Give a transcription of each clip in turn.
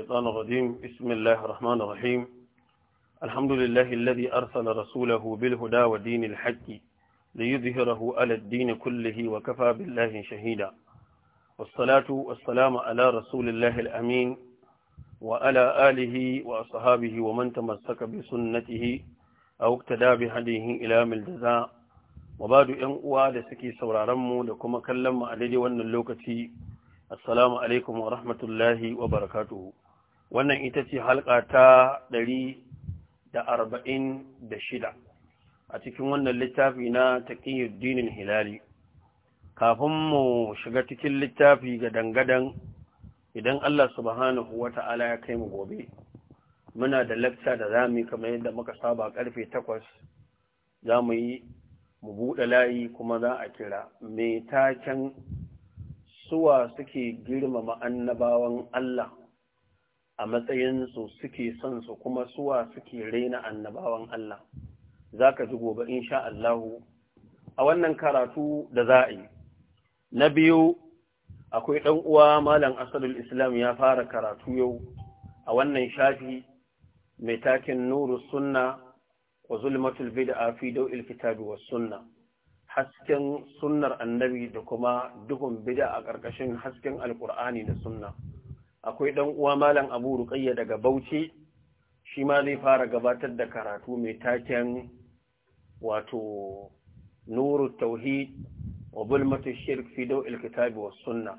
الشيطان الرجيم بسم الله الرحمن الرحيم الحمد لله الذي أرسل رسوله بالهدى ودين الحق ليظهره على الدين كله وكفى بالله شهيدا والصلاة والسلام على رسول الله الأمين وعلى آله وأصحابه ومن تمسك بسنته أو اقتدى بهديه إلى من الجزاء وبعد أن أعاد سكي رمو لكم كلم عليه وأن اللوكتي السلام عليكم ورحمة الله وبركاته wannan ita ce halka ta ɗari da arba'in da shida a cikin wannan littafi na dinin hilali kafin mu shiga cikin littafi ga dangadan idan Allah subhanahu wa ta'ala ya kai mu gobe muna da lakta da za mu kamar yadda muka saba karfe takwas za mu yi mu buɗe layi kuma za a kira mai taken suwa suke girmama annabawan Allah a matsayinsu suke son su kuma suwa suke raina annabawan Allah za ka ji gobe insha Allahu a wannan karatu da za a yi na biyu akwai ɗan uwa malam asalul islam ya fara karatu yau a wannan shafi mai takin nuru sunna wa zulmatul bid'a fi daw'il kitabi wa sunna hasken sunnar annabi da kuma duhun bid'a a ƙarƙashin hasken alqur'ani da sunna akwai ɗan uwa malam abu ruƙayya daga bauchi shi ma zai fara gabatar da karatu mai taken wato nuru tauhid wa bulmatu shirk fi daw'il kitabi was sunna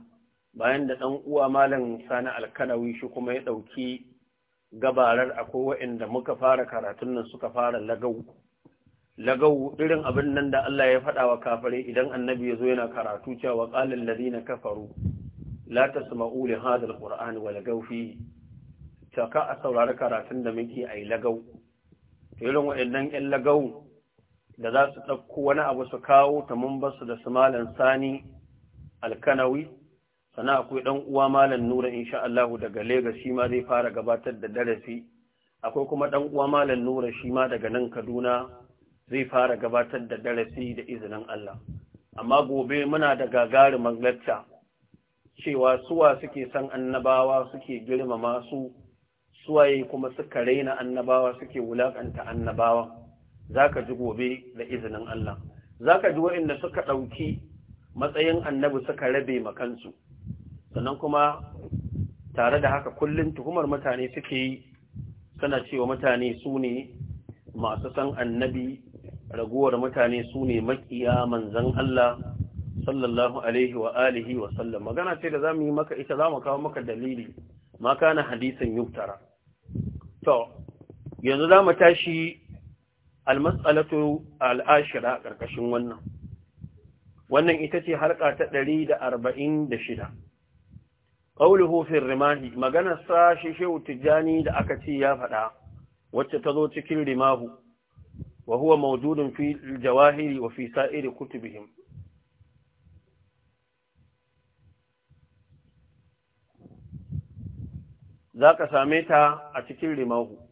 bayan da ɗan uwa malam sani alkanawi shi kuma ya ɗauki gabarar akwai waɗanda muka fara karatun nan suka fara lagau lagau irin abin nan da Allah ya faɗa wa kafare idan annabi ya zo yana karatu cewa ƙalin ladina kafaru la tasma'u li hadha alquran wa lagaw fi ta ka a saurari karatun da muke a yi lagau to irin waɗannan ƴan lagau da za su ɗauko wani abu su kawo ta mun basu da su malam sani alkanawi sana akwai ɗan uwa malam nura insha Allahu daga Legas shi ma zai fara gabatar da darasi akwai kuma ɗan uwa malam nura shi ma daga nan Kaduna zai fara gabatar da darasi da izinin Allah amma gobe muna da gagarumin lacca cewa suwa suke san annabawa suke girmama su suwaye kuma suka raina annabawa suke wulakanta annabawa za ka ji gobe da izinin Allah za ka ji waɗanda suka ɗauki matsayin annabi suka rabe makansu sannan kuma tare da haka kullum tuhumar mutane suke yi suna cewa mutane su ne masu san annabi raguwar mutane su ne makiya manzan Allah sallallahu alaihi wa alihi wa sallam magana ce da zamu yi maka ita zamu kawo maka dalili makana hadisin yuktara to yanzu zamu tashi almas'alatu al'ashira karkashin wannan wannan ita ce harka ta 146 qawluhu fi rimahi magana sa shi shehu tijani da aka ce ya faɗa wacce ta zo cikin rimahu wa huwa mawjudun fi jawahiri wa fi sa'iri kutubihim za ka same ta a cikin rimahu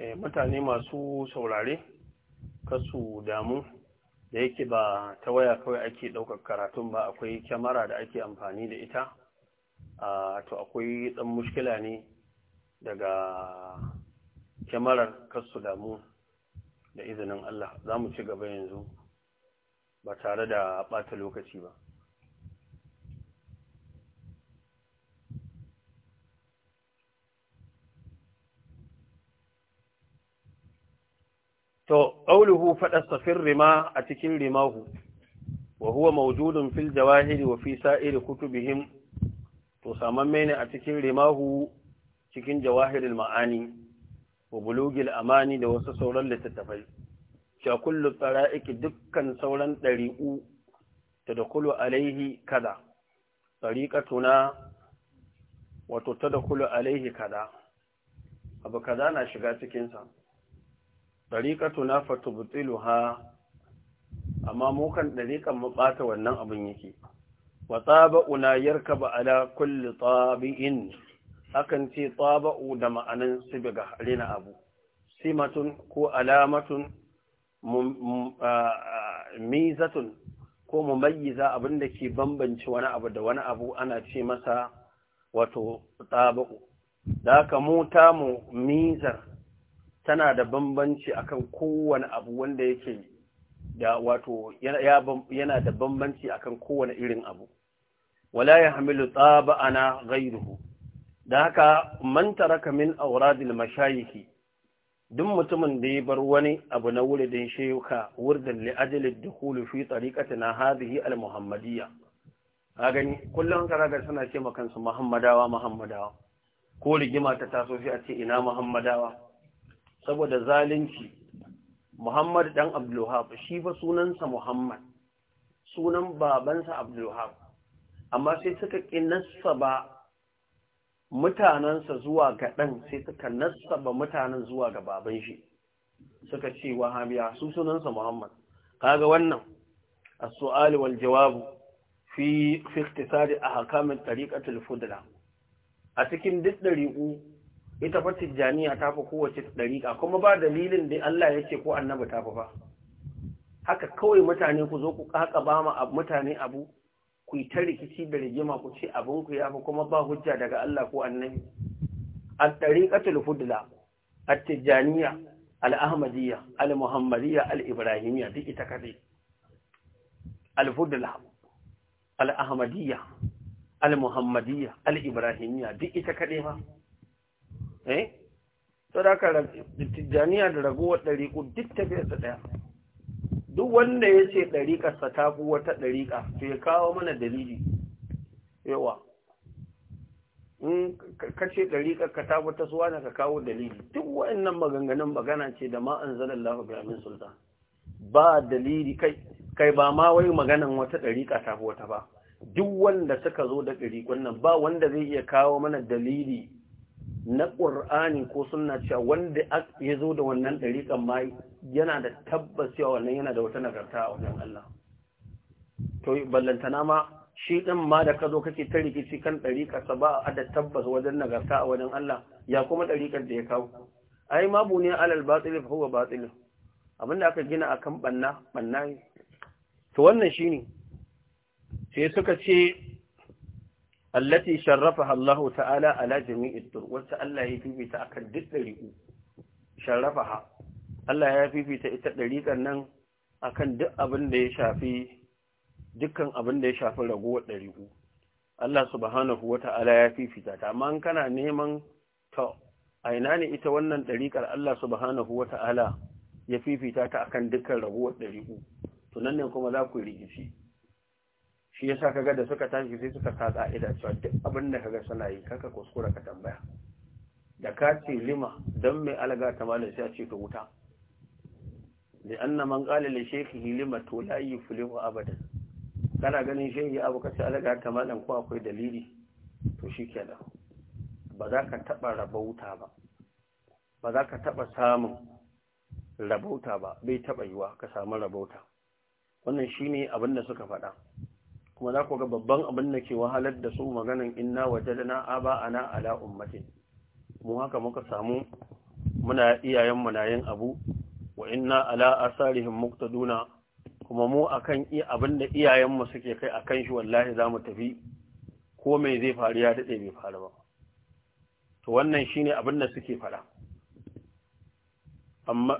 Eh, mutane masu saurare kasu damu da yake ba ta waya kawai ake ɗaukar karatun ba akwai kyamara da ake amfani da ita to akwai ɗan mushkila ne daga kyamarar kasu damu da izinin Allah za mu ci gaba yanzu ba tare da ɓata lokaci ba to qauluhu faɗa safin rima a cikin rimahu wa huwa mawjudun fil jawahiri wa fi sa'iri kutubihim to saman ne a cikin rimahu cikin jawahiril ma'ani wa bulugil amani da wasu sauran littattafai cewa kullu tsara'iki dukkan sauran ɗari'u ta da kulu alaihi kada tsariƙatuna wato ta da kulu alaihi kada abu kada na shiga cikinsa ɗariƙatuna fatubtiluha amma mu kan ɗariƙan mu wannan abin yake wa tsaba'una yarkaba ala kulli tsabi'in akan ce tsaba'u da ma'anan sibiga daga rina abu simatun ko alamatun mizatun ko mumayyiza abinda ke bambanci wani abu da wani abu ana ce masa wato tsaba'u da ka mu ta mu mizar tana da bambanci akan kowane abu wanda yake da wato yana da bambanci akan kowane irin abu wala ya hamilu tsaba ana gairuhu da haka man taraka min auradil mashayiki duk mutumin da ya bar wani abu na wuridin shayuka wurdan li ajli dukhul fi tariqatina hadhihi al muhammadiyya a gani kullum karaga suna ce makansu muhammadawa muhammadawa ko rigima ta taso sai a ce ina muhammadawa saboda zalunci Muhammad dan Abdulwahab shi fa sunansa Muhammad sunan babansa Abdulwahab amma sai suka ba mutanansa zuwa ga dan sai suka nasaba mutanen zuwa ga baban shi suka ce wahabiya su sunansa Muhammad kaga wannan as-su'al wal jawab fi fi iktisari ahkam at-tariqah al-fudla a cikin duk dariqu ita fa tijjaniya ta fi kowace ɗariƙa kuma ba dalilin da Allah ya ce ko annabi ta fi ba haka kawai mutane ku zo ku kaka ba ma mutane abu ku yi ta rikici da rigima ku ce abin ku ya fi kuma ba hujja daga Allah ko annabi a ɗariƙatul fudla a tijjaniya al-ahmadiyya al-muhammadiyya al-ibrahimiyya duk ita kadai al-fudla al-ahmadiyya al-muhammadiyya al-ibrahimiyya duk ita kadai ba eh to da ka tijjaniya da ragowar ɗariƙu duk tafiyarsa ɗaya duk wanda ya ce ɗariƙarsa ta fi wata ɗariƙa to ya kawo mana dalili yawa in ka ce ɗariƙar ka ta fi ta suwa na ka kawo dalili duk wa'annan maganganun magana ce da ma an zanen Allah bi amin sultan ba dalili kai kai ba ma wai maganan wata ɗariƙa ta fi wata ba duk wanda suka zo da ɗariƙun nan ba wanda zai iya kawo mana dalili na ƙur'ani ko suna cewa wanda ya zo da wannan ɗariƙan mai yana da tabbas cewa wannan yana da wata nagarta a wannan Allah to ballantana ma shi ɗin ma da ka zo kake ta rikici kan ɗariƙarsa ba a da tabbas wajen nagarta a wajen Allah ya kuma ɗariƙar da ya kawo ai ma bu ne alal batsilif fa huwa Abin abinda aka gina akan ɓanna ne. to wannan shi ne sai suka ce allati sharrafaha Allah ta'ala ala jami'it tur Allah ya fifita akan duk dariku sharrafaha Allah ya fifita ita dariƙan nan akan duk abin da ya shafi dukkan abin da ya shafi ragowar dariku Allah ya fifita ta amma kana neman ta a ina ne ita wannan dariƙar Allah subhanahu wata'ala ya fifita ta akan dukkan ragowar dariku to ne kuma za ku yi rikici? shi ya yasa kaga da suka tashi sai suka sa ƙa’ida cewa duk abin da kaga suna yi kaka kuskura ka tambaya da ka ce lima don mai alaga ta malam sai a ce ta wuta da na man qala li shaykhihi lima to la yuflihu abadan kana ganin shehi abu ce alaga ta malam ko akwai dalili to shikenan ba za ka rabauta ba ba za ka taɓa samun rabauta ba bai taba yiwa ka samu rabauta wannan shine abin da suka faɗa kuma za ku ga babban abin da ke wahalar da su maganin inna wajadana aba ana ala ummatin mu haka muka samu muna iyayen mu na abu wa inna ala asarihin Muktaduna. kuma mu akan iya abin da iyayen mu suke kai a kan shi wallahi za mu tafi ko mai zai faru ya daɗe bai faru ba to wannan shi ne abin da suke faɗa. amma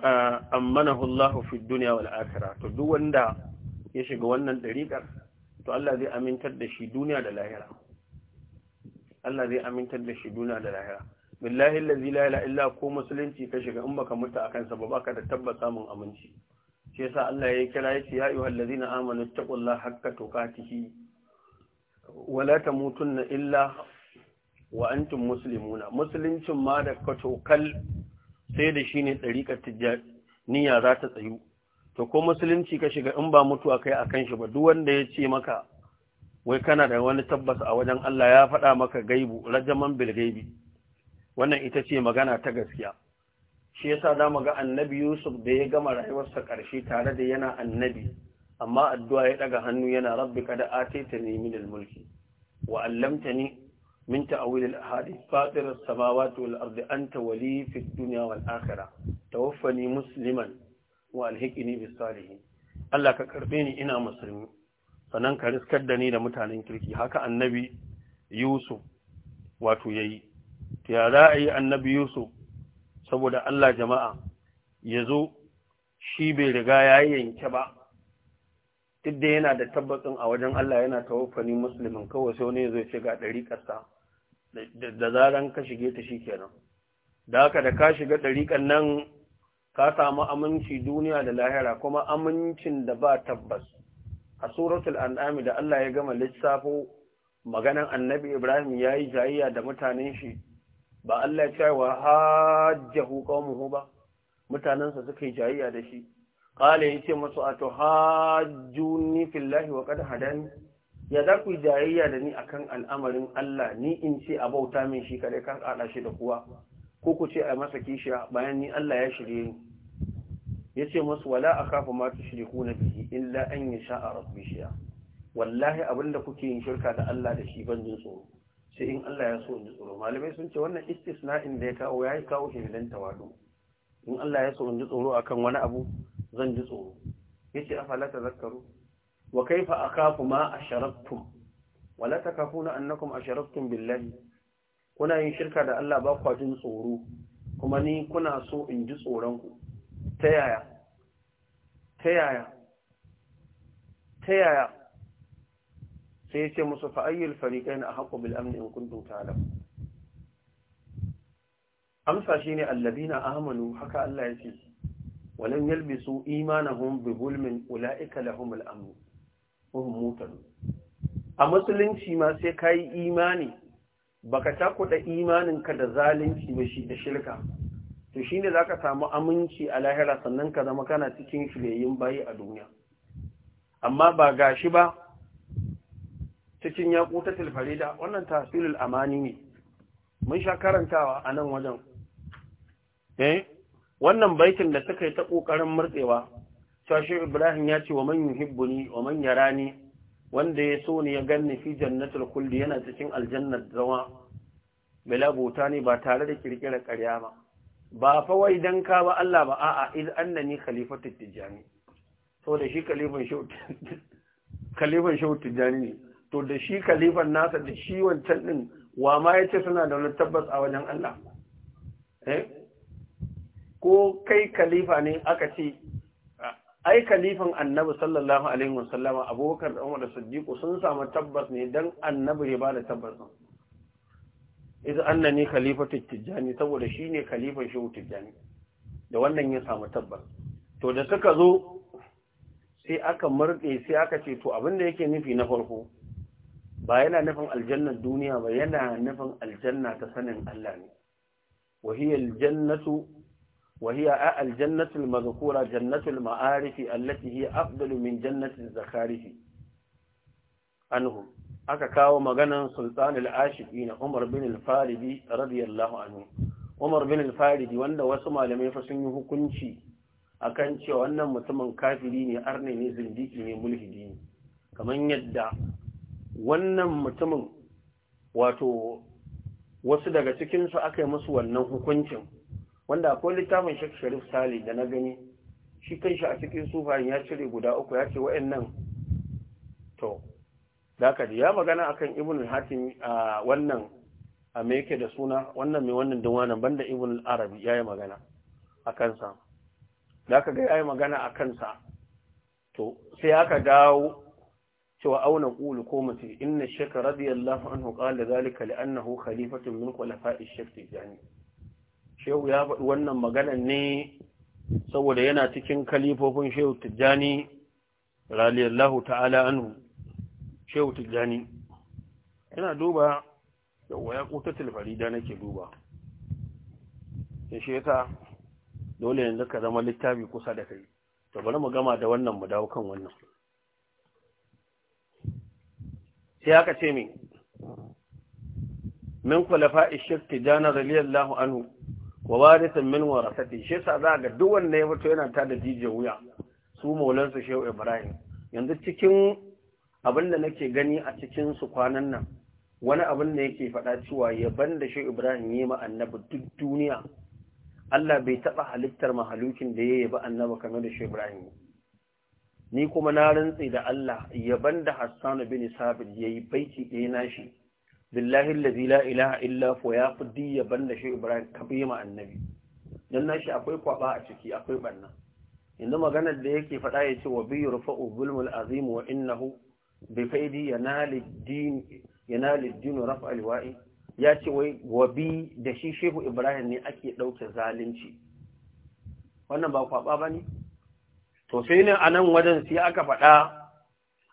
amanahu hullahu fi duniya wal la'akira. to duk wanda ya shiga wannan ɗariƙar to Allah zai amintar da shi duniya da lahira Allah zai amintar da shi duniya da lahira billahi allazi la ilaha illa ko musulunci ka shiga in baka mutu akan sa ba baka da tabbata mun aminci shi yasa Allah ya kira yace ya ayyuhal ladina amanu taqullaha haqqa tuqatihi wala tamutunna illa wa antum muslimuna musuluncin ma da ka tokal sai da shine dariƙar tijjaniya za ta tsayu to ko musulunci ka shiga in ba mutuwa kai akan shi ba duk wanda ya ce maka wai kana da wani tabbas a wajen Allah ya faɗa maka gaibu rajaman bil gaibi wannan ita ce magana ta gaskiya shi yasa da mu ga annabi Yusuf da ya gama rayuwarsa ƙarshe tare da yana annabi amma addu'a ya daga hannu yana rabbi kada ataitani min al-mulki wa allamtani من تأويل الأحاديث فاطر السماوات والأرض أنت ولي في الدنيا والآخرة توفني مسلما wa alhiqini bis salihin Allah ka karbe ni ina musulmi sannan ka riskar da ni da mutanen kirki haka annabi Yusuf wato yayi ya za a yi annabi Yusuf saboda Allah jama'a yazo shi bai riga yayi yanke ba duk yana da tabbacin a wajen Allah yana tawaffani musulmin kawai sai wani ya ce ga ɗari ƙasa da zaran ka shige ta shi kenan da haka da ka shiga ɗariƙan nan ka samu aminci duniya da lahira kuma amincin da ba tabbas a suratul an'ami da Allah ya gama lissafo maganan annabi Ibrahim yayi yi jayayya da mutanen shi ba Allah ya cewa hajjahu qaumuhu ba mutanansa suka yi jayayya da shi qala yace musu ato hajjuni fillahi wa qad hadani ya za ku jayayya da ni akan al'amarin Allah ni in ce a bauta min shi kare kan kada shi da kuwa ko ku ce a masa kishiya bayan ni Allah ya shirye ni Ya ce masu, wala a akhafu ma tushrikuna bihi illa an yasha rabbi shi'a wallahi abinda kuke yin shirka da Allah da shi ban jin tsoro sai in Allah ya so in ji tsoro malamai sun ce wannan istisna'in da ya kawo ya yi kawo shi dan tawadu in Allah ya so in ji tsoro akan wani abu zan ji tsoro Ya yace afala zakaru?" wa kaifa a kafu ma a asharaktum wala ta takafuna annakum asharaktum billahi kuna yin shirka da Allah ba kwa jin tsoro kuma ni kuna so in ji tsoron ku ta yaya ta yaya ta yaya sai ya ce musu fa'ayyar fariƙai na a haƙo bil'amni in kundin talar amsa shi ne allabi na ahamalu haka Allah ya ce walin yalbisu imanahun bi gulmin ula'ika lahum al'amu ohun mutan a musulunci ma sai ka yi imani baka takuɗa imaninka da zalunci ba shi da shirka to shi ne za ka samu aminci a lahira sannan ka zama kana cikin shiryayyun bayi a duniya amma ba ga shi ba cikin yaqutatul farida wannan tahsilul amani ne mun sha karantawa a nan wajen eh wannan baitin da suka yi ta ƙoƙarin murtsewa shashi ibrahim ya ce wa man ni wa man rani, wanda ya so ne ya ganni fi jannatul kulli yana cikin aljannar zama bila bota ne ba tare da ƙirƙirar ƙarya ba ba fa wai dan ka ba Allah ba a'a iz annani khalifatu tijani da shi khalifan shautu khalifan shautu tijani to da shi khalifan nasa da shi wancan din wa ma yace suna da wani tabbas a wajen Allah eh ko kai khalifa ne aka ce ai khalifan annabi sallallahu alaihi wasallama abubakar da umar da siddiq sun samu tabbas ne dan annabi ya ba da tabbas idan annani khalifatu tijjani saboda shine khalifan shehu tijjani da wannan ya samu tabbar. to da suka zo sai aka murde sai aka ce to abin da yake nufi na farko ba yana nufin Aljanna duniya ba yana nufin aljanna ta sanin Allah ne وهي Aljannatu وهي الجنة المذكورة جنة المعارف allati hiya afdalu min zakarifi anhum aka kawo maganan sultanul ashiki na umar bin al-faridi radiyallahu anhu umar bin al-faridi wanda wasu malamai fa sun yi hukunci akan cewa wannan mutumin kafiri ne arne ne zindiki ne mulhidi ne kamar yadda wannan mutumin wato wasu daga cikinsu aka yi musu wannan hukuncin wanda akwai littafin shek sharif sali da na gani shi kanshi a cikin sufayin ya cire guda uku ya ce wa'annan to da aka ya magana akan ibn hatim a wannan a me yake da suna wannan mai wannan da wannan banda ibn arabi ya yi magana a kansa da ka ga ya yi magana a kansa to sai aka dawo cewa auna ƙulu ko mace inna shekar radiyallahu anhu da zalika li'annahu khalifatun min khulafa'i shekh tijani shehu ya faɗi wannan magana ne saboda yana cikin kalifofin shehu tijani radiyallahu ta'ala anhu shehu tijjani yana duba yawa ya tilfari da nake duba shi yasa dole yanzu ka zama littafi kusa da kai to bari mu gama da wannan mu dawo kan wannan sai aka ce min min kulafa ash tijana radiyallahu anhu wa warithan min warasati shi sa za ga duk wanda ya fito yana ta da jijiyar wuya su maulansa shehu ibrahim yanzu cikin abin da nake gani a cikin su kwanan nan wani abin da yake faɗa cewa yaban da shi Ibrahim yi ma annabi duk duniya Allah bai taɓa halittar mahalukin da ya yaba annabi kamar da shi Ibrahim ni kuma na rantsi da Allah yaban da Hassan bin Sabit yayi baiti ɗaya nashi billahi allazi la ilaha illa hu ya fudi yaban da shi Ibrahim kabima annabi dan nashi akwai kwaba a ciki akwai banna yanzu maganar da yake faɗa ya ce wa bi rufa'u zulmul azim wa innahu bifaidi yanali dinu rafa alwa'i ya ce wai wabi da shi shehu ibrahim ne ake ɗauke zalunci wannan ba kwaba ba ne to sai ne a nan wajen sai aka faɗa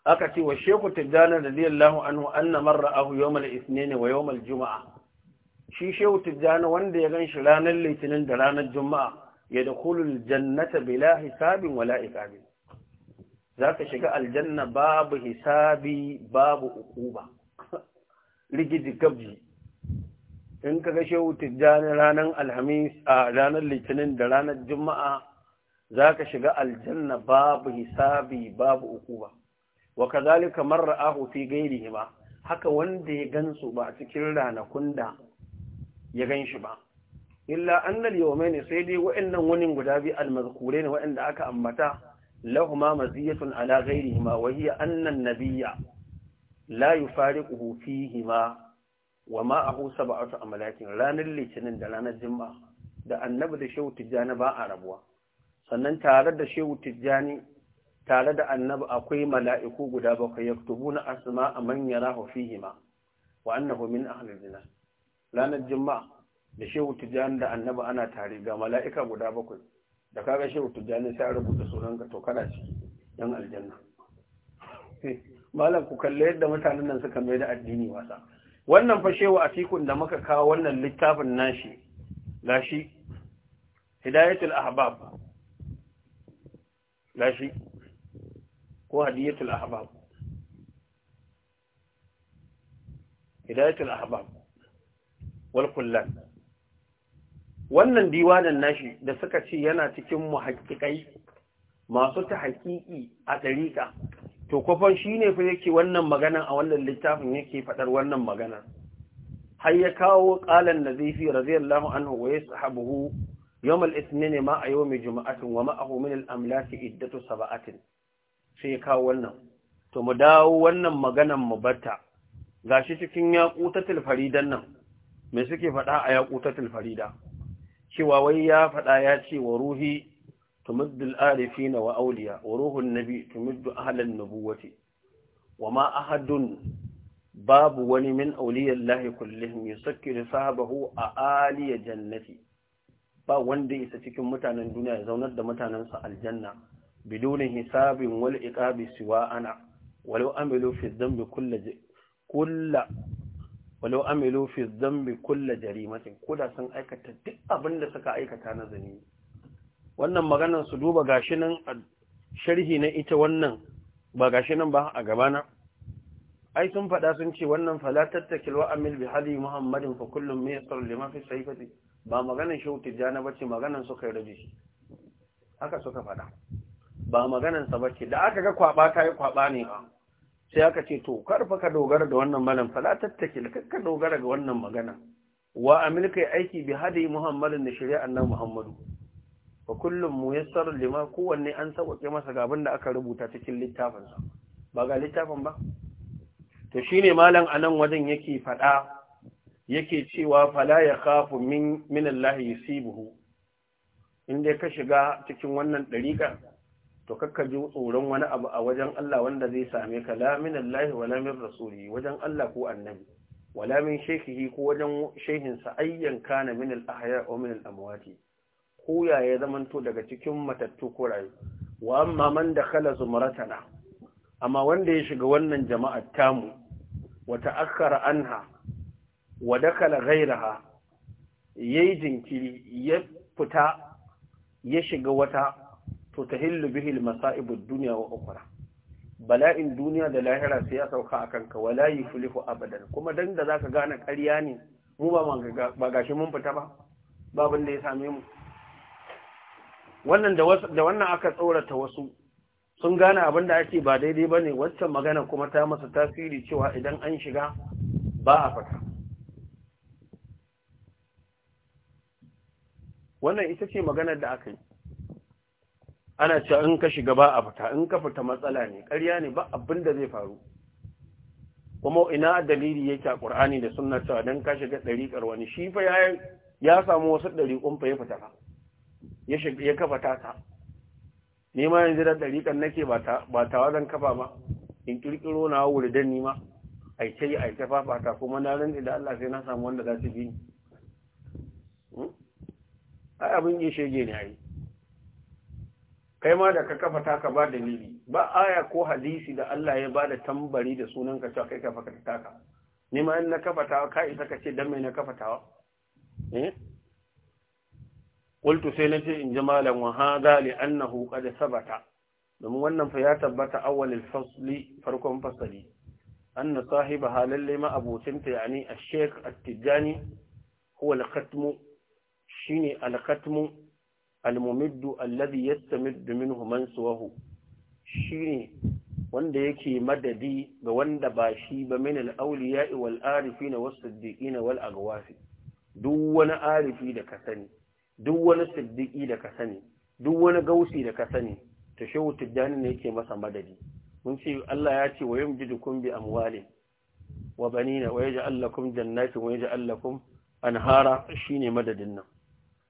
aka ce wa shehu tijjani radiyallahu an anna marra ahu isne ne wa mal juma'a shi shehu Tijjana wanda ya gan shi ranar litinin da ranar juma'a ya da kulul jannata bila hisabin wala iqabin za ka shiga aljanna babu hisabi babu ukuba rigidi gabji in ka ga shehu tijjani ranar alhamis a ranar litinin da ranar juma'a za ka shiga aljanna babu hisabi babu ukuba wa kazali kamar Ra'ahu fi gairi ba haka wanda ya gansu ba a cikin ranakun da ya gan shi ba illa annal yawmaini sai dai wa'annan wani guda biyu almazkurai ne wa'anda aka ambata lahuma maziyatun ala ghairihima wa hiya anna an-nabiyya la yufariquhu fihima wa ma'ahu sab'atu amalakin ranar litinin da ranar juma'a da annabi da shehu tijjani ba a rabuwa sannan tare da shehu tijjani tare da annabi akwai mala'iku guda bakwai yaktubuna asma'a man yarahu fihima wa annahu min ahlil jinna ranar juma'a da shehu tijjani da annabi ana tare ga mala'ika guda bakwai da ka kaga shehu tijjani sai a rubuta sunanka to kana ciki yan aljanna malam ku kalle yadda mutanen nan suka mai da addini wasa wannan fa a atikun da muka kawo wannan littafin nashi gashi hidayatul ahbab gashi ko hadiyatul ahbab hidayatul ahbab wal kullan wannan diwanan nashi da suka ce yana cikin muhaƙiƙai masu ta haƙiƙi a ɗariƙa to kwafan shi ne fa yake wannan maganan a wannan littafin yake faɗar wannan magana har ya kawo ƙalan nazifi radiyallahu anhu wa yashabuhu yawm al ne ma a mai juma'atin wa ma'ahu min al iddatu sab'atin sai ya kawo wannan to mu dawo wannan maganan mu batta gashi cikin yaqutatul faridan nan me suke faɗa a yaqutatul farida cewa wai ya faɗa ya ce wa ruhi tumiddul arifina wa auliya wa ruhun nabi tumiddu ahlan nubuwati wa ma ahadun babu wani min auliyallahi kullihim yusakkiru sahabahu a aliya jannati ba wanda isa cikin mutanen duniya ya zaunar da mutanensa aljanna Bidonin hisabin wal iqabi siwa ana walau amilu fi dhanbi kullu walau amilu fi dhanbi kull jarimatin koda sun aikata duk abin da suka aikata na zani wannan maganar su duba gashi nan sharhi na ita wannan ba gashi nan ba a gabana ai sun faɗa sun ce wannan fala tattakil wa amil bi hadi muhammadin fa kullum maysar lima fi saifati ba maganar jana ba ce maganar su kai rabi shi haka suka faɗa ba maganar sa ce. da aka ga kwaba yi kwaba ne ba sai aka ce to karfa ka dogara da wannan malam fa. la tattake ka dogara ga wannan magana wa amilka aiki bi hadi muhammadin da shari'an nan muhammadu fa kullum muyassar lima kowanne an sauke masa ga abin da aka rubuta cikin littafin sa ba ga littafin ba to shine malam anan wajen yake fada yake cewa fala ya khafu min minallahi yusibuhu inda ka shiga cikin wannan dariqa to kakka ji tsoron wani abu a wajen Allah wanda zai same ka la min Allah wala min rasuli wajen Allah ko annabi wala min shaykhihi ko wajen shehin sa ayyan kana min al ahya wa min al amwati ko yaya ya zamanto daga cikin matattu ko rayu wa amma man dakhala zumratana amma wanda ya shiga wannan jama'a tamu wa ta'akhkhara anha wa dakala ghayraha yayi jinkiri ya fita ya shiga wata to tahillu bihi al-masa'ib ad-dunya wa ukhra bala'in duniya da lahira sai ya sauka akan ka wala yuflihu abadan kuma dan da zaka gane ƙarya ne mu ba ba gashi mun fita ba babin da ya same mu wannan da da wannan aka tsorata wasu sun gane abin da ake ba daidai bane waccan magana kuma ta masa tasiri cewa idan an shiga ba a fata wannan ita ce maganar da aka yi ana cewa in ka shiga ba a fita in ka fita matsala ne ƙarya ne ba abin da zai faru kuma ina dalili yake a ƙur'ani da sunna cewa dan ka shiga ɗariƙar wani shi fa ya samu wasu ɗariƙun fa ya fita fa ya shiga ya kafa ta ta ni ma yanzu da ɗariƙar nake ba ta ba ta wajen kafa ba in kirkiro na wuri dan ni ma ai ta yi ai ta kuma na ran da Allah sai na samu wanda za su bi ni hmm? ai abin ya shege ne ai kai ma da ka kafa taka ba dalili ba aya ko hadisi da Allah ya bada tambari da sunan ka cewa kai kafa ka taka ni ma in na kafa tawa ka isa ka ce dan mai na kafa tawa eh qultu sai nace in jamalan wa hadha li annahu qad sabata domin wannan fa ya tabbata al-fasl farkon fasali anna sahibaha lalle ma abotinta yani ash-shaykh at-tijani huwa al-khatmu shine al-khatmu almumiddu alladhi yastamiddu minhu man suwahu shine wanda yake madadi ga wanda ba shi ba min al-awliya'i wal arifina was siddiqina wal agwafi duk wani arifi da ka sani duk wani siddiqi da ka sani duk wani gausi da ka sani to shehu tijjani ne yake masa madadi mun ce Allah ya ce wa yumjidukum bi amwali wa banina wa yaj'al lakum jannatin wa yaj'al lakum anhara shine madadin nan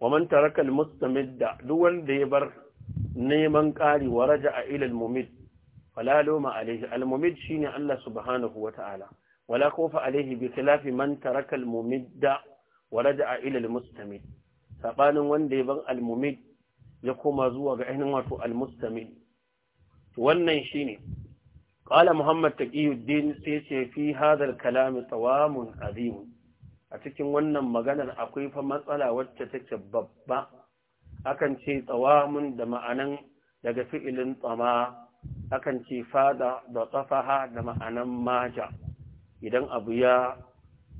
wa mantarakar taraka al duk wanda ya bar neman ƙari wa raja'a ila al-mumid fala luma alayhi al-mumid shine Allah subhanahu wata'ala wala kofa alayhi bi khilafi man taraka al-mumidda wa a ila al-mustamid sabanin wanda ya bar almumid ya koma zuwa ga ainihin wato al-mustamid wannan shine qala muhammad taqiyuddin sai ce fi hadha al-kalam tawamun a cikin wannan maganar akwai fa matsala wacce take babba akan ce tsawamun da ma'anan daga fi'ilin tsama akan ce fada da tsafaha da ma'anan maja idan abu ya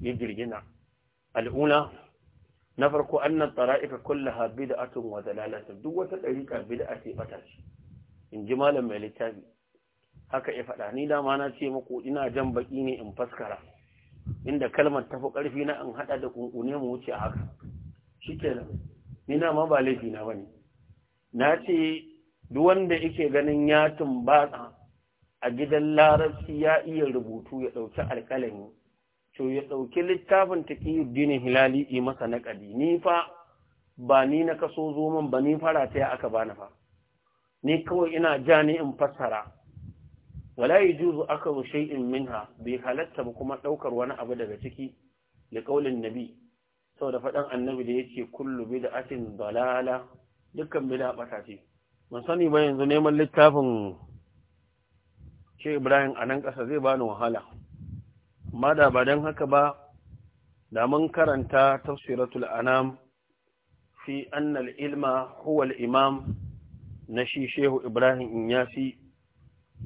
yi girgina Al'una, na farko annan tsara'ika kullaha bid'atun wa dalalatun duk wata dariƙa bid'a ce bata ce in ji malam mai littafi haka ya faɗa ni dama na ce muku ina jan baki ne in faskara inda kalmar tafi ƙarfi na in haɗa da ƙunƙune mu wuce a haka shi kenan ni na ma ba laifi na bane na ce duk wanda yake ganin ya tumbatsa a gidan larabci ya iya rubutu ya ɗauki alƙalami to ya ɗauki littafin taƙiyuddinin hilali i masa na ni fa ba ni na kaso zo ba ni fara ta ya aka bani fa ni kawai ina ja ni in fassara wala aka akalu in minha bai halatta ba kuma ɗaukar wani abu daga ciki da kaulin nabi saboda fadan annabi da yake kullu bid'atin dalala dukkan bid'a batace ce mun sani ba yanzu neman littafin ce Ibrahim a nan ƙasa zai bani wahala amma da ba don haka ba da mun karanta tafsiratul anam fi annal ilma huwa imam na shi shehu Ibrahim in Inyasi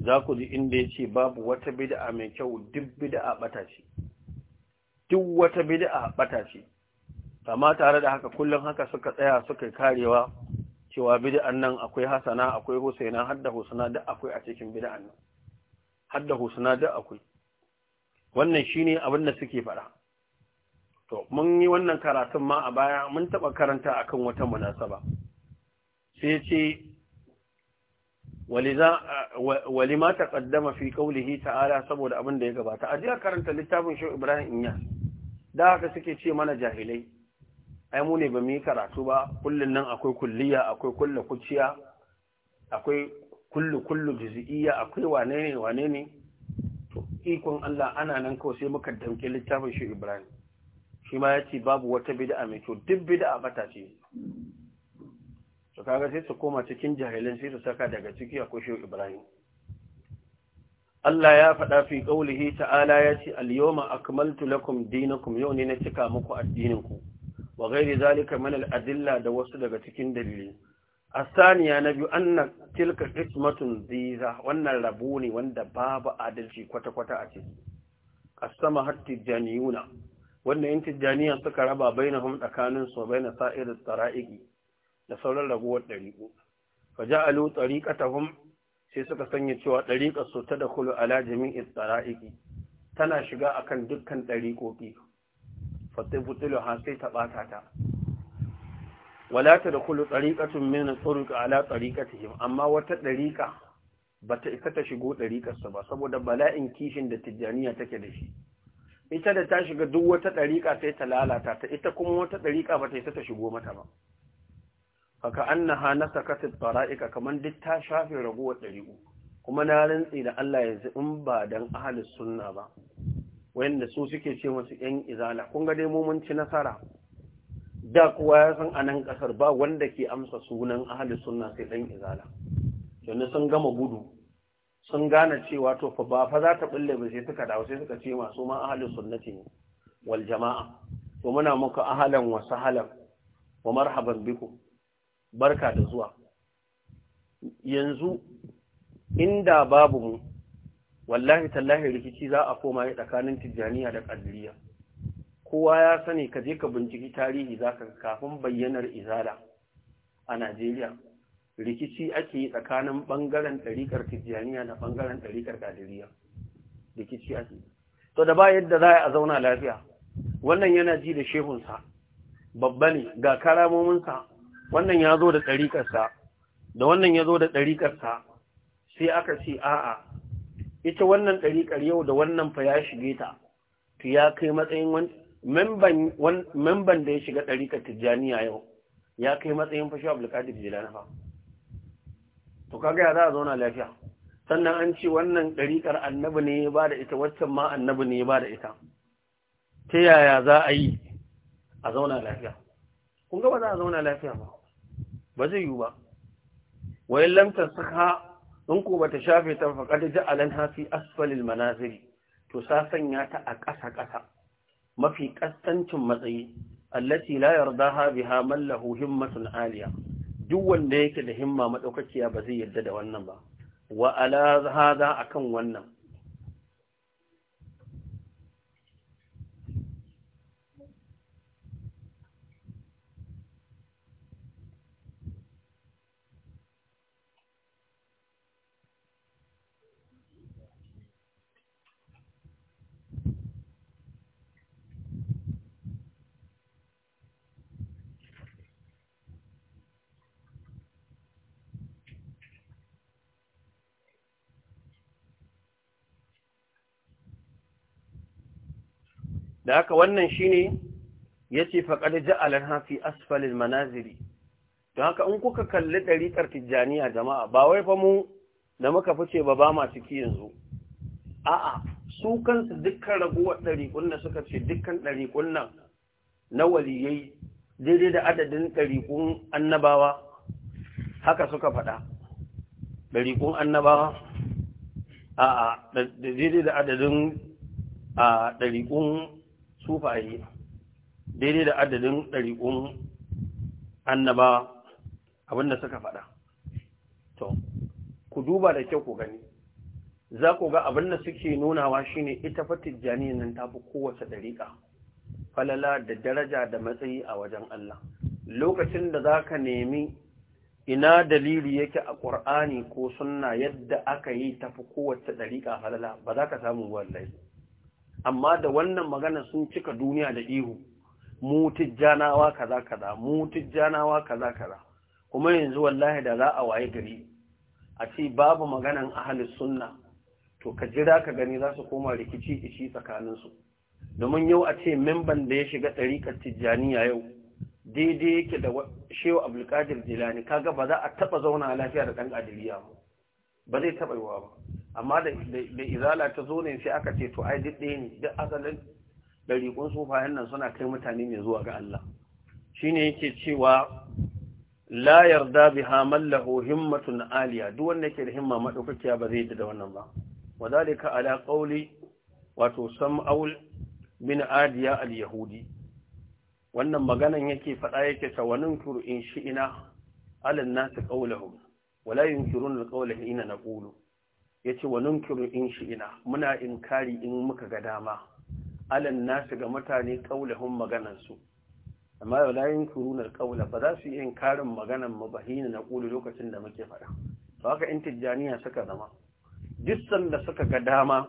za ku ji inda ya ce babu wata bida'a mai kyau duk bida'a bata ce duk wata bida'a bata ce amma tare da haka kullum haka suka tsaya suka karewa cewa bida'an nan akwai hasana akwai husaina har da husana da akwai a cikin bida'an nan har da husana da akwai wannan shine abin da suke fara to mun yi wannan karatun ma a baya mun taɓa karanta akan wata munasaba sai ce ولما تقدم في قوله تعالى saboda abin da ya gabata a karanta littafin Shehu Ibrahim Inya da haka suke ce mana jahilai ai mu ne ba mu yi karatu ba kullun nan akwai kulliya akwai kullu kuciya akwai kullu kullu juz'iyya akwai wane ne wane ne to ikon Allah ana nan ko sai muka damke littafin shi Ibrahim shi ma yace babu wata bid'a mai to duk bid'a bata ce to kaga sai su koma cikin jahilin sai su saka daga ciki akwai shehu ibrahim Allah ya faɗa fi ƙaulihi ta'ala ya ce al-yawma akmaltu lakum dinakum yau ne na cika muku addininku wa ghairi zalika min al-adilla da wasu daga cikin dalili asaniya na biyu anna tilka qismatun ziza wannan rabu ne wanda babu adalci kwata-kwata a ciki as-sama hattijjaniyuna wannan intijjaniya suka raba bainahum tsakanin su baina sa'irat tara'iqi da sauran raguwar ɗariƙu fa ja'alu tariqatahum sai suka sanya cewa ɗariƙar su ta kulu ala jami'i tsara'iki tana shiga akan dukkan ɗariƙoƙi fa butulu ha sai ta bata ta wala tadkhulu mena min turuq ala tariqatihim amma wata ɗariƙa ta isa ta shigo ɗariƙarsa ba saboda bala'in kishin da tijjaniya take da shi ita da ta shiga duk wata ɗariƙa sai ta lalata ta ita kuma wata ɗariƙa ba ta isa ta shigo mata ba faka annaha nasakatit fara'ika kamar duk ta shafe ragowar ɗari'u kuma na rantsi da Allah yanzu in ba dan ahlus sunna ba wanda su suke ce masu yan izala kun ga dai mu mun ci nasara da kuwa ya san anan kasar ba wanda ke amsa sunan ahlus sunna sai dan izala yanzu sun gama gudu sun gane cewa to fa ba fa za ta bulle ba sai suka dawo sai suka ce masu ma ahlus sunnati ne wal jama'a to muna muku ahlan wa sahlan wa marhaban biku. barka da zuwa yanzu inda babu mu wallahi tallahi rikici za a koma ya tsakanin tijjaniya da ƙadiriya kowa ya sani ka je ka binciki tarihi za ka kafin bayyanar izala a najeriya rikici ake yi tsakanin ɓangaren ɗariƙar tijjaniya da ɓangaren ɗariƙar ƙadiriya rikici ake to da ba yadda za a zauna lafiya wannan yana ji da shehunsa babba ne ga karamominsa wannan ya zo da ɗariƙarsa da wannan ya zo da ɗariƙarsa sai aka ce a'a ita wannan ɗariƙar yau da wannan fa ya shige ta to ya kai matsayin memban da ya shiga ɗariƙar tijjaniya yau ya kai matsayin fashi abdulkadir jilani fa to kaga ya za a zauna lafiya sannan an ce wannan ɗariƙar annabi ne ya ba da ita waccan ma annabi ne ya ba da ita ta yaya za a yi a zauna lafiya kun gaba za a zauna lafiya ba ba zai yiwu ba wayan lamtar saka in ko ta shafe ta ji ja'alan hafi asfalil manaziri to sa sanya ta a ƙasa-ƙasa mafi ƙasancin matsayi allati la yardaha biha Mallahu, lahu himmatun aliya duk wanda yake da himma maɗaukaciya ba zai yarda da wannan ba wa ala a akan wannan da haka wannan shine yace faqad ja'alar fi asfalin manaziri don haka in kuka kalli dariƙar tijjaniya jama'a ba wai fa mu da muka fice ba ba masu ki yanzu a'a su kansu dukkan raguwar ɗariƙun nan suka ce dukkan ɗariƙun nan na waliyai daidai da adadin ɗariƙun annabawa haka suka faɗa ɗariƙun annabawa a daidai da adadin ɗariƙun sufaye daidai da adadin ɗariƙun annaba abinda suka faɗa to ku duba da kyau ku gani za ku ga abinda suke nunawa shine ita fa tijjani nan ta fi kowace ɗariƙa falala da daraja da matsayi a wajen Allah lokacin da za ka nemi ina dalili yake a ƙur'ani ko sunna yadda aka yi tafi kowace ɗariƙa falala, ba za ka samu wallahi amma da wannan magana sun cika duniya da ihu mu tijjanawa kaza kaza mu tijjanawa kaza kaza kuma yanzu wallahi da za a waye gari a ce babu maganan ahlus sunna to ka jira ka gani za su koma rikici ishi tsakanin su domin yau a ce memban da ya shiga ɗariƙar tijjaniya yau daidai yake da shehu abdulkadir jilani kaga ba za a taba zauna lafiya da ɗan adiliya ba zai taɓa yiwa ba amma da izala ta zo ne sai aka ce to ai duk ɗaya ne duk asalin ɗariƙun sufayen nan suna kai mutane mai zuwa ga Allah shi ne yake cewa la yarda bi haman lahu himmatun aliya duk wanda yake da himma madaukakiya ba zai da wannan ba wa zalika ala qawli wato sam'aul bin adiya al-yahudi wannan maganan yake faɗa yake ta wanin kuru in shi'ina alin nasu qawluhum wala yunkiruna al-qawla hina naqulu ya ce wa ninkiru in shi ina, muna in kari in muka ga dama alan nasu ga mutane kaulahun maganansu amma yau layin kurunar kaula ba za su yi karin maganan mabahina na ƙuli lokacin da muke faɗa ba haka in tijjaniya suka zama dissan da suka ga dama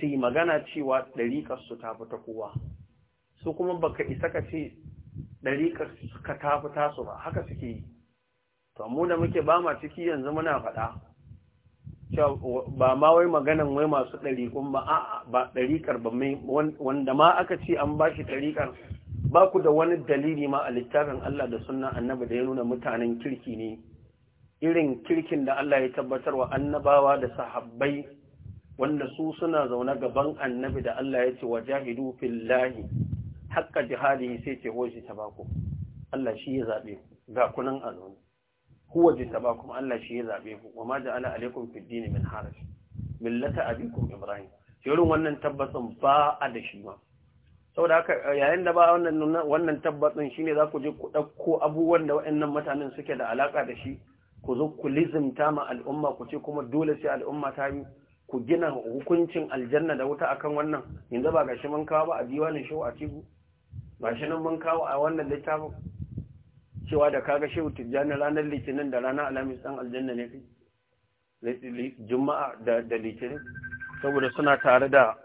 su yi magana cewa ɗariƙarsu ta fi ta kowa su kuma baka isa ka ce ɗariƙar ka ta tasu ba haka suke yi to mu da muke ba ma ciki yanzu muna faɗa ba ma wai maganan wai masu ɗariƙun ba a ba ɗariƙar ba mai wanda ma aka ce an ba shi ɗariƙar ba ku da wani dalili ma a littafin Allah da sunna annabi da ya nuna mutanen kirki ne irin kirkin da Allah ya tabbatar wa annabawa da sahabbai wanda su suna zaune gaban annabi da Allah ya ce wa jahidu fillahi haqqa jihadi sai ce hoji ta bako. Allah shi ya zabe ga kunan azumi huwa jitaba kuma Allah shi ya zabe ku wa ma ja'ala alaikum fid din min haraj millata abikum ibrahim shirin wannan tabbatsin ba a da shi ma saboda haka eh, yayin da ba wannan wannan tabbatsin shine za ku je ku dauko abubuwan da waɗannan mutanen suke da alaka da shi ku zo ku lizimta ma al'umma ku ce kuma dole sai al'umma ta yi. ku gina hukuncin aljanna da wuta akan wannan yanzu ba gashi mun kawo ba a diwanin shi a cibu gashi nan mun kawo a wannan littafin cewa da kaga shehu tijjani ranar litinin da ranar alhamis ɗan aljanna ne kai juma'a da litinin saboda suna tare da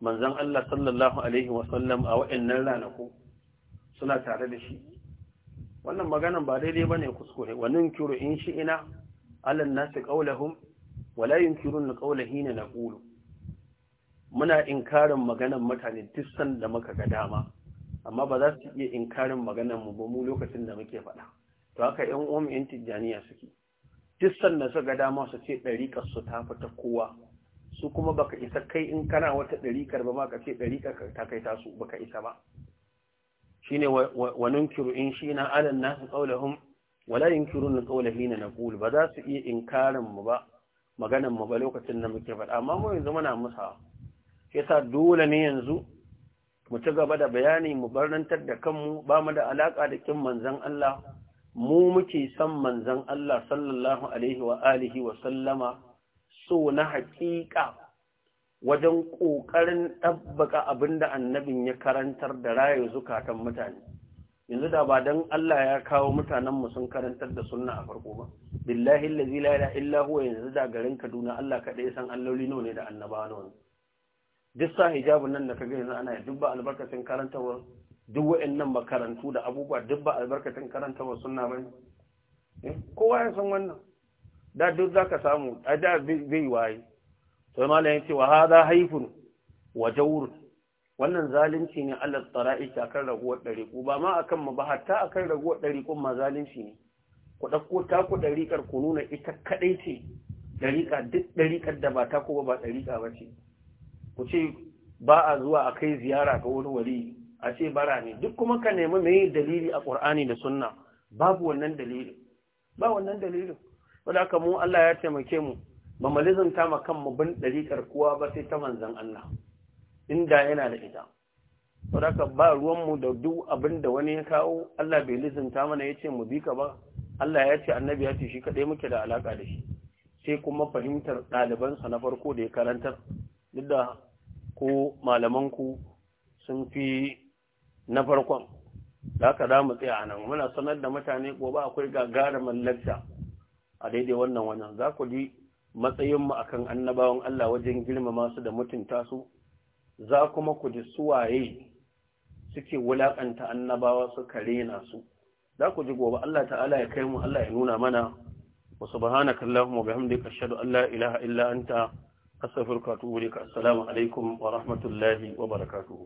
manzan Allah sallallahu alaihi wasallam a waɗannan ranaku suna tare da shi wannan maganan ba daidai ba ne kuskure wannan kiru in shi ina Walayin nasu na wala ne na ƙulu. muna inkarin maganan mutane duk sanda muka ga dama amma ba za su iya inkarin maganar mu ba mu lokacin da muke faɗa to haka ƴan uwan ƴan tijjaniya suke tissan da suka dama su ce ɗariƙar su ta fita kowa su kuma baka isa kai in kana wata ɗariƙar ba ma ka ce ɗariƙar ta kai tasu baka isa ba shine wa nunkiru in shi na alan nasu qaulahum wala na qawlahi na naqul ba za su iya inkarin mu ba maganar mu ba lokacin da muke faɗa amma mu yanzu muna musa yasa dole ne yanzu mu ci gaba da bayani mu barnantar da kanmu ba mu da alaka da kin manzan Allah mu muke san manzan Allah sallallahu alaihi wa alihi wa sallama so na haƙiƙa wajen ƙoƙarin ɗabbaka abin da annabin ya karantar da rayu zukatan mutane yanzu da ba don Allah ya kawo mutanenmu sun karantar da sunna a farko ba billahi allazi la ilaha illa huwa yanzu da garin Kaduna Allah kaɗai san alloli nawa ne da annabawa nawa duk sa hijabun nan da kaga yanzu ana duk ba albarkacin karantawar duk wa'annan makarantu da abubuwa duk ba albarkacin karantawar sunna bane eh, kowa ya san wannan da duk zaka samu a da bai waye to ya yace wa hada haifun wa jawr wannan zalunci ne Allah tsara'i kan raguwar ko ba ma akan mu ba hatta akan raguwar kun ma zalunci ne ku dauko ta ku ɗariƙar ku nuna ita kadai ce ɗariƙa duk ɗariƙar da ba ta ko ba ɗariƙa ba ce ku ce ba a zuwa a kai ziyara ga wani wali a ce bara ne duk kuma ka nemi mai dalili a ƙur'ani da sunna babu wannan dalilin ba wannan dalilin wanda aka mu Allah ya taimake mu ba mu lizanta ma mu bin dariƙar kowa ba sai ta manzan Allah inda yana da ita wanda aka ba ruwan mu da duk abin da wani ya kawo Allah bai ta mana yace mu bi ka ba Allah ya ce annabi ya ce shi kadai muke da alaka da shi sai kuma fahimtar ɗalibansa na farko da ya karantar duk da ko malamanku sun fi na farkon da haka za mu tsaya a nan muna sanar da mutane gobe akwai gagarumar mallakta a daidai wannan wannan za ku ji matsayinmu a kan annabawan Allah wajen girmama su da mutunta su za kuma ku ji suwaye suke wulakanta annabawa kare nasu? su za ku ji gobe Allah ta'ala ya kai mu Allah ya nuna mana wa subhanakallahumma wa bihamdika ashhadu an la ilaha illa anta asafirka tuwuri ka salamu alaikum wa rahmatullahi wa barakatuhu